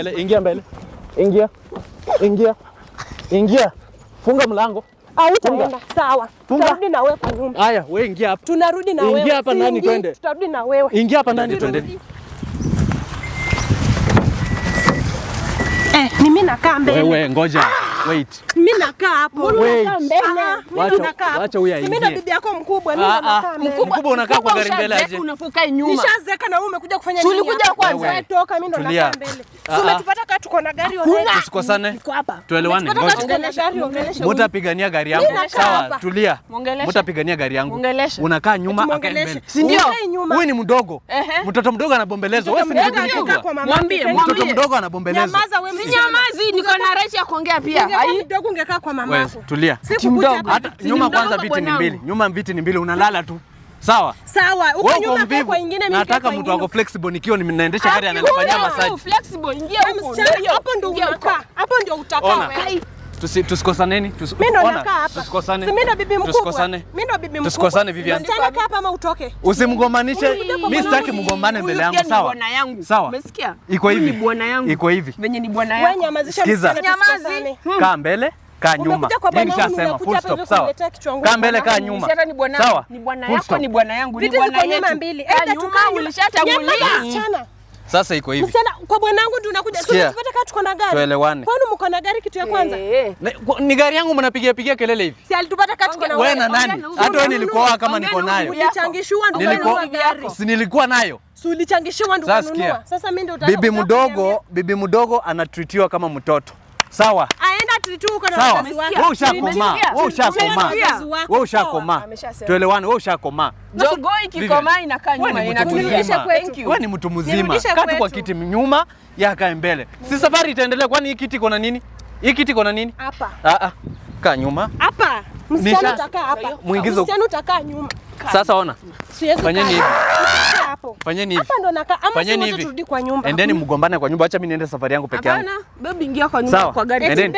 mbele, ingia mbele, ingia, ingia, ingia, funga mlango. Hautaenda. Sawa. tutarudi na wewe kwa nyumba. Haya, wewe ingia hapa. Tunarudi na wewe. Ingia hapa ndani twende. Tutarudi na wewe. Ingia hapa ndani twende. Eh, mimi nakaa mbele. Wewe ngoja. Ah! Wait. Mimi nakaa hapo. Wait. Ah, ah. Wacha huyu aingie. Mimi na bibi yako mkubwa, mimi ah, nakaa mbele. Mkubwa unakaa kwa gari mbele aje? Unafuka nyuma. Nishazeka na wewe umekuja kufanya nini? Tulikuja kwanza. wewe toka, mimi ndo nakaa mbele. Si umetupata kama tuko na gari wewe. Tusikosane. Tuelewane. Mtapigania gari yangu. Sawa, tulia. Mtapigania gari yangu. Unakaa nyuma akae mbele. Si ndio? Wewe ni mdogo. Mtoto mdogo anabombelezwa. Wewe si mtoto mdogo. Mwambie, mtoto mdogo anabombelezwa. Nyamaza wewe. Nyamazi, niko na right ya kuongea pia mdogo ungekaa kwa mama yako. Tulia. Hata nyuma kwanza viti ni mbili. Nyuma viti ni mbili unalala tu. Sawa. Sawa. Uko nyuma kwa kwa ingine mimi. Nataka mtu wako flexible nikiwa ninaendesha ah, gari ananifanyia massage. Flexible ingia eh, huko. Hapo ndio unakaa. Hapo ndio utakaa. Tusikosaneni. tusikosane ndo bibi mkubwa. Mimi ndo bibi mkubwa. Tusikosane Vivian. Msichana kaa hapa ama utoke. Usimgombanishe. Mimi sitaki mgomane mbele yangu sawa? Sawa. Umesikia? Iko hivi. Bwana yangu. Iko hivi. Venye ni bwana yako. Wewe nyamazisha msichana. Nyamazi. Hmm. Kaa mbele. Kaa nyuma. Nimeshasema full stop sawa. Kaa mbele kaa nyuma. Sawa. Ni bwana yako, ni bwana yangu, ni bwana yetu. Nyuma mbili. Enda tukaa ulishatangulia. Sasa iko hivi. Msichana kwa bwanangu ndio unakuja. Sio tupate kaa tuko na gari. Tuelewane. Kwa uko na gari kitu ya kwanza. Eh. Ni gari yangu mnapigia pigia kelele hivi. Si alitupata kati kuna wewe na nani? Hata wewe nilikuoa kama niko nayo. Ulichangishiwa Si nilikuwa nayo. Si ulichangishiwa ndio kununua. Sasa mimi ndio bibi mdogo, bibi mdogo anatritiwa kama mtoto. Sawa. Wewe ushakoma. Tuelewane, wewe ushakoma. Wewe ni mtu mzima. Kati kwa kiti nyuma, yakae mbele. Si mm. safari itaendelea kwani hii kiti kona nini? Hii kiti kona nini? Hapa. Ah, ah. Kaa nyuma. Hapa. Msichana utakaa hapa. Msichana utakaa nyuma. Sasa ona. Fanyeni hivi hapo. Fanyeni hivi. Hapa ndo nakaa. Ama si wote turudi kwa nyumba. Endeni hmm. mgombane kwa nyumba. Acha mimi niende safari yangu peke yangu. Hapana, babe ingia kwa nyumba kwa gari. Endeni.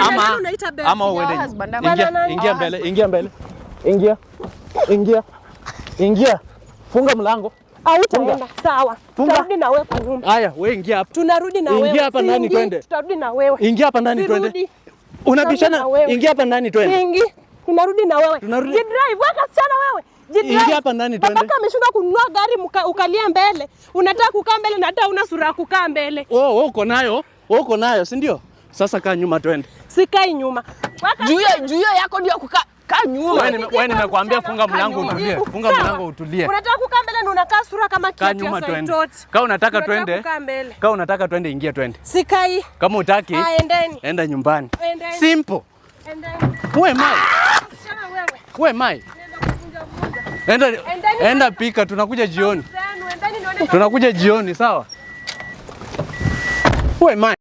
Ama unaita babe. Ama uende. Ingia, ingia mbele, ingia mbele. Ingia. Ingia. Ingia. Funga mlango. Hautaenda. Ah, Sawa. Tunarudi na wewe kwa nyumba. Haya, wewe ingia hapa. Tunarudi na wewe. Ingia hapa ndani twende. Tutarudi na wewe. Ingia hapa ndani twende. Unabishana. Ingia hapa ndani twende. Ingia. Tunarudi na wewe. Tunarudi. Drive, weka sana wewe hapa ndani twende. Baba ameshinda kununua gari muka, ukalia mbele. Unataka kukaa mbele na hata una sura ya kukaa mbele. oh, oh, uko nayo. Wewe uko nayo, si ndio? Sasa kaa nyuma twende. Sikai nyuma. Juu hiyo yako ndio kukaa kaa nyuma. Wewe nimekuambia funga mlango utulie. Funga mlango utulie. Unataka kukaa mbele na unakaa sura kama kiatu ya saitoti. Kama unataka twende. Kama unataka twende ingia twende. Sikai. Kama utaki. Ah, endeni. Enda nyumbani. Endeni. Simple. Endeni. Wewe mai. Ah! Wewe mai. Enda, enda pika, tunakuja jioni, tunakuja jioni, sawa? Wewe